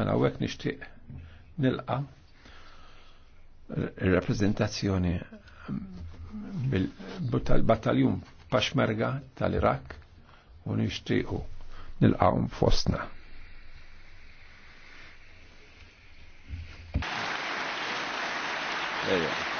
Mela għek nishtiq nilqa il-reprezentazzjoni bil-battaljum Pashmerga tal-Irak u nishtiqu nilqawm fostna. There yeah.